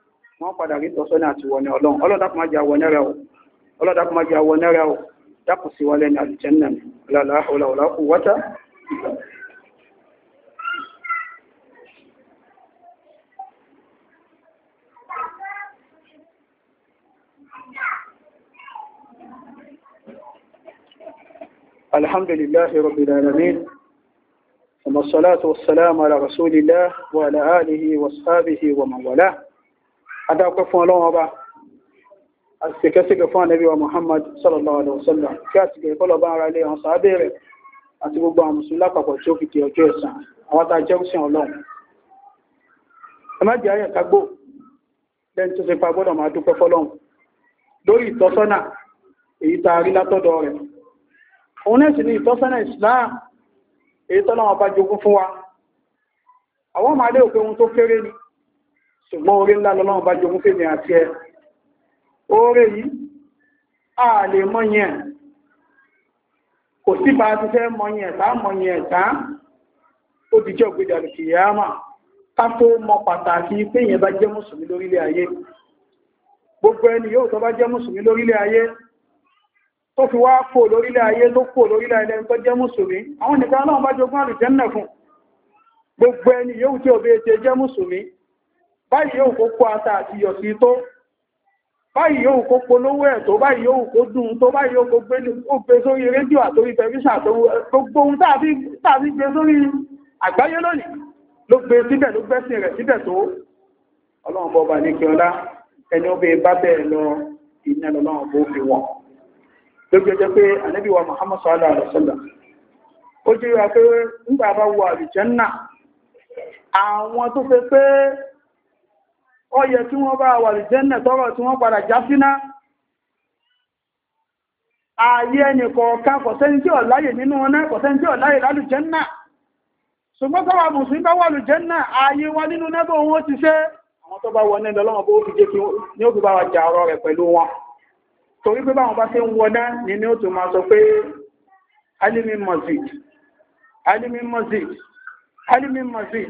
wọ́n padà rí tọ́sọ́nà àti wọ̀nà ọlọ́run ọlọ́dàkùnmájà wọ̀nà rẹ̀ o ọlọ́dàkùnmájà sí wọlé ní àlùjẹ́nà lálá ọlọ́ọ̀lá kù wọ́tá الحمد لله رب العالمين ثم الصلاة والسلام على رسول الله وعلى آله ومن والاه adáwọ̀pẹ́ fún ọlọ́wọ́n ọba àṣìkẹ́sìkẹ́ fún ànẹ́bí wa Muhammad sallallahu alaihi wasallam kí àṣìkẹ́ ìkọlọ̀ bá ara ilé àwọn sàábẹ̀ rẹ̀ àti gbogbo àwọn mùsùlùmí lápapọ̀ tí ó fi di ọjọ́ ẹ̀san àwọn tá a jẹ́ òsìn ọlọ́run ẹ má jẹ́ ayẹ̀ kágbó lẹ́ni tó ṣe pa gbọ́dọ̀ máa dúpẹ́ fọlọ́run lórí ìtọ́sọ́nà òun náà sì ni ìtọ́sọ́nà Islam èyí tọ́lọ́wọ́n bá jogún fún wa àwọn ọmọ alẹ́ òpin ohun tó kéré ni ṣùgbọ́n orí ńlá lọ́lọ́run bá jogún fèmí àti ẹ oore yìí a lè mọ́yẹn kò sí bá ti fẹ́ mọ́yẹn ẹ̀ta mọ́yẹn ẹ̀ta ó ti jẹ́ ògbèdà lùkì yàmà ká tó mọ pàtàkì pé èèyàn bá jẹ́ mùsùlùmí lórílẹ̀ ayé gbogbo ẹni yóò tó bá jẹ́ mùsùlùmí lórílẹ̀ ayé tó fi wá kó lórílẹ̀ ayé tó kó lórílẹ̀ ayé tó jẹ́ mùsùlùmí àwọn nìkan náà bá jogún àlùjẹ́nnà fún gbogbo ẹni yóò tí ò bẹ́ẹ̀ jẹ́ mùsùlùmí báyìí yóò kó kó ata àti yọ̀ sí tó báyìí yóò kó polówó ẹ̀ tó báyìí yóò kó dùn tó báyìí yóò kó gbé sórí rédíò àtórí tẹlifíṣàn tó gbogbo ohun tàbí gbé sórí àgbáyé lónìí ló gbé síbẹ̀ ló gbẹ́sìn rẹ̀ síbẹ̀ tó ọlọ́run bọba ní kí ọlá ẹni ó bẹ bá bẹ́ẹ̀ lọ ìní ọlọ́run bó fi wọ̀n ló gbé jẹ́ pé ànábìwà Muhammad sallallahu alaihi wasallam ó jẹ́ wá pé nígbà bá wọ àlùjánnà àwọn tó fẹ́ pé ọyẹ tí wọ́n bá wà lè jẹ́nà tọ́rọ tí wọ́n padà já síná ààyè ẹnìkọ̀ọ̀kan kọ̀sẹ́ni tí ọ̀láyè nínú ọ̀nà kọ̀sẹ́ni tí ọ̀láyè lálù jẹ́nà ṣùgbọ́n tọ́wà mùsùlùmí bá wà lù jẹ́nà ààyè wọn nínú nẹ́bọ̀ wọn ti ṣe àwọn tó bá wọnẹ́ lọ́lọ́wọ́ bó fi jẹ́ kí ní ó fi bá wa jà ọ̀rọ̀ rẹ̀ pẹ̀lú wọn torí pé báwọn bá ṣe ń wọná ni ni ó tún máa sọ pé alimi masjid alimi masjid alimi masjid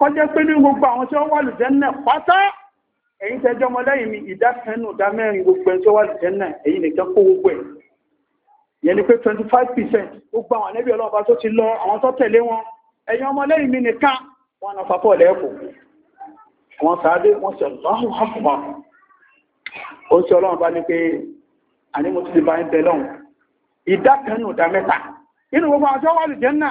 kọjẹ́ pé ní gbogbo àwọn tí ó wà lùjẹ́nà pátá ẹ̀yin tẹjọ́ ọmọlẹ́yìn mi ìdá kẹnu ìdá mẹ́rin gbogbo ẹni tí ó wà lùjẹ́nà ẹ̀yin nìkan kó gbogbo ẹ̀ yẹn ni pé 25% gbogbo àwọn ànẹ́bí ọlọ́ọ̀bá tó ti lọ àwọn tó tẹ̀lé wọn ẹ̀yin ọmọlẹ́yìn mi nìkan wọn na papọ̀ lẹ́ẹ̀kù wọn sáré wọn sọ lọ́wọ́ àpùpà ó sọ ọlọ́run bá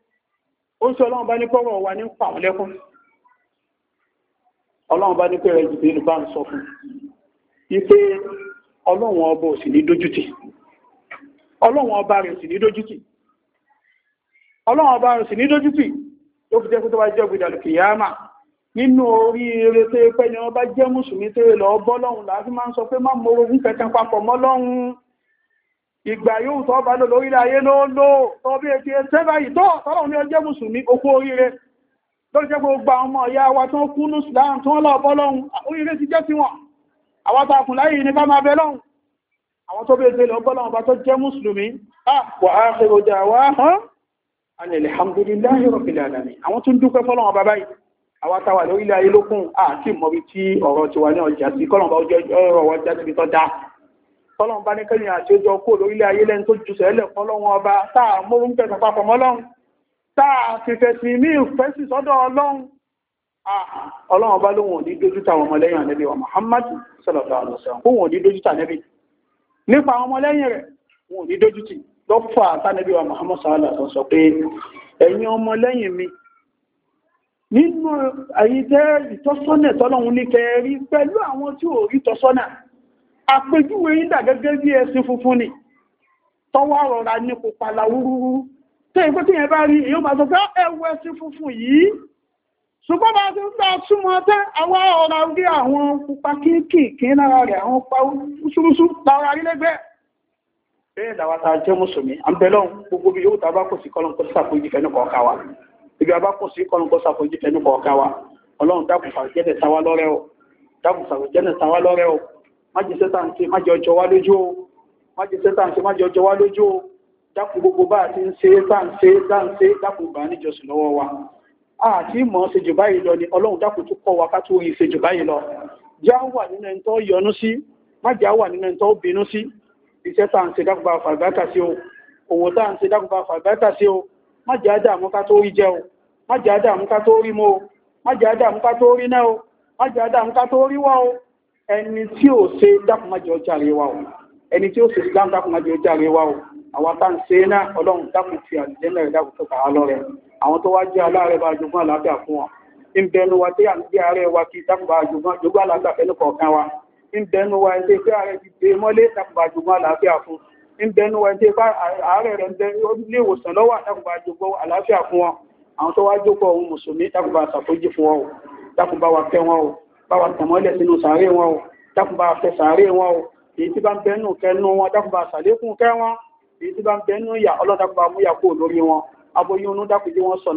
ó ń sọ ọlọ́run bá ní pọ́rọ̀ wà ní pàwọn lẹ́kún ọlọ́run bá ní pé rẹ̀ jìbìlì bá ń sọ fún ipé ọlọ́run ọba ò sì ní dójútì ọlọ́run ọba rẹ̀ sì ní dójútì ọlọ́run ọba rẹ̀ sì ní dójútì ó fi jẹ́ kó tó bá jẹ́ gbìdàlù kìyàmà nínú oríire tó pẹ́ ni wọ́n bá jẹ́ mùsùlùmí tó lọ bọ́lọ́run láti máa ń sọ pé má mọ orogún kẹta papọ̀ mọ́lọ́run ìgbà yóò tọ́ bá lò lórí ayé náà lò tọ́ bí ètò ẹ̀tẹ́ báyìí tọ́ tọ́lọ̀ ní ọjọ́ mùsùlùmí okú oríire lórí jẹ́ gbogbo àwọn ọmọ ìyá wa tó kú ní Islam tó ń lọ bọ́lọ́hun oríire ti jẹ́ sí wọn àwọn tó àkùn láyé ní ká máa bẹ lọ́hun àwọn tó bí ètò ìlọ bọ́lọ́hun bá tó jẹ́ mùsùlùmí wa akhiru da'wahum alhamdulillahi rabbil alamin àwọn tó ń dúpẹ́ fọ́lọ́hun bàbá yìí àwọn táwà lórílẹ̀ ayé lókun àti ìmọ̀bí tí ọ̀rọ̀ tiwa ní ọjà sí kọ́lọ̀ tọ́lọ́run bá ní kẹ́yìn àti ojú ọkọ̀ lórílẹ̀ ayé lẹ́ni tó jù sẹ́lẹ̀ fọ́lọ́run ọba táà mórú ń tẹ̀sán papọ̀ mọ́lọ́run táà sì fẹ̀sì ní ìfẹ́sì sọ́dọ̀ ọlọ́run ọlọ́run ọba lóhun òní dójútà àwọn ọmọlẹ́yìn ànẹ́bí wa Muhammad sallallahu alaihi wasallam òhun òní dójútà ànẹ́bí nípa àwọn ọmọlẹ́yìn rẹ̀ òhun òní dójútì lọ́fà àtànẹ́bí wa Muhammad sallallahu alaihi wasallam sọ pé ẹ̀yin ọmọlẹ́yìn mi nínú àyíjẹ́ ìtọ́sọ́nà tọ́lọ́run ní kẹrí pẹ̀lú àwọn tí ò rí tọ́sọ́nà àpèjúwe yín dà gẹ́gẹ́ bí ẹṣin funfun ni tọwọ́ rọra ní pupa làwúrúrú tí èkó tí yẹn bá rí èyí ó máa sọ pé ẹwọ ẹṣin funfun yìí ṣùgbọ́n bá ti ń bá súnmọ́ tẹ́ àwọn ọ̀rọ̀ orí àwọn pupa kíkìkì lára rẹ̀ àwọn pupa ṣúrúṣú lára rí lẹ́gbẹ́ bẹ́ẹ̀ làwọn ta jẹ́ mùsùlùmí àbẹ̀lọ́n gbogbo bí yóò tàbá kò sí kọlọ̀nkọ́ sàfojì fẹ́nu kọ̀ọ̀ká wa ibi àbá kò sí kọlọ̀nkọ́ sàfojì fẹ́nu kọ̀ọ̀ká wa ọlọ́run dákùnfà jẹ́ májíṣẹ́ tàǹtí májọ ọjọ́ wá lójú o májíṣẹ́ tàǹtí májọ ọjọ́ wá lójú o dákùn gbogbo bá àti ń ṣe tàǹtí tàǹtí dákùn bá níjọsìn lọ́wọ́ wa àti mọ̀ ṣe jù báyìí lọ ni ọlọ́run dákùn tó kọ́ wa ká tó rí ṣe jù báyìí lọ já wà nínú ẹni tó yọnú sí májá wà mo májá dààmú ká tó rí náà o májá dààmú ká tó rí wá ẹni tí ó ṣe dákùnmájọ jàre wa o ẹni tí ó ṣe islam dákùnmájọ jàre wa o àwọn tá ń ṣe náà ọlọ́run dákùn fi àjẹ́mẹ̀ rẹ̀ dákùn tó kàá lọ́rẹ̀ àwọn tó wá jẹ́ aláàrẹ̀ bá jogún àlàáfíà fún wọn ń bẹnu wa tí à ń gbé ààrẹ wa kí dákùn bá jogún àlàáfíà fẹ́nu kọ̀ọ̀kan wa ń bẹnu wa ẹni tí ààrẹ ti dé mọ́lé dákùn bá jogún àlàáfíà fún ń bẹnu wa ẹni tí ààrẹ rẹ̀ ń bẹ ní ìwòsàn lọ́wọ́ dákùn bá jogún àlàáfíà fún wọn àwọn tó wá jókòó ohun mùsùlùmí dákùn bá fún wọn o dákùn bá wa kẹ́ wọn o báwa tẹ̀mọ́lẹ̀ sínú sàárè wọn o dákùnbà fẹ́ sàárè wọn o èyí tí bá ń bẹ́nu kẹnu wọn dákùnbà sàlékún kẹ́ wọn èyí tí bá ń bẹ́nu ìyà ọlọ́dàkùnbà múyà kó lórí wọn aboyún dákùnjí wọn sọ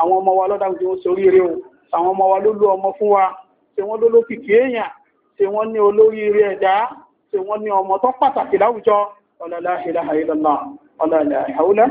àwọn ọmọ wa lọ́dàkùnjí wọn sorí o àwọn ọmọ wa ló lú ọmọ fún wa ṣe wọ́n ló kìkì èèyàn ṣe wọ́n ní olórí eré ẹ̀dá ṣe wọ́n ní ọmọ tó pàtàkì láwùjọ ọlá la ilaha illallah ọlá la hawla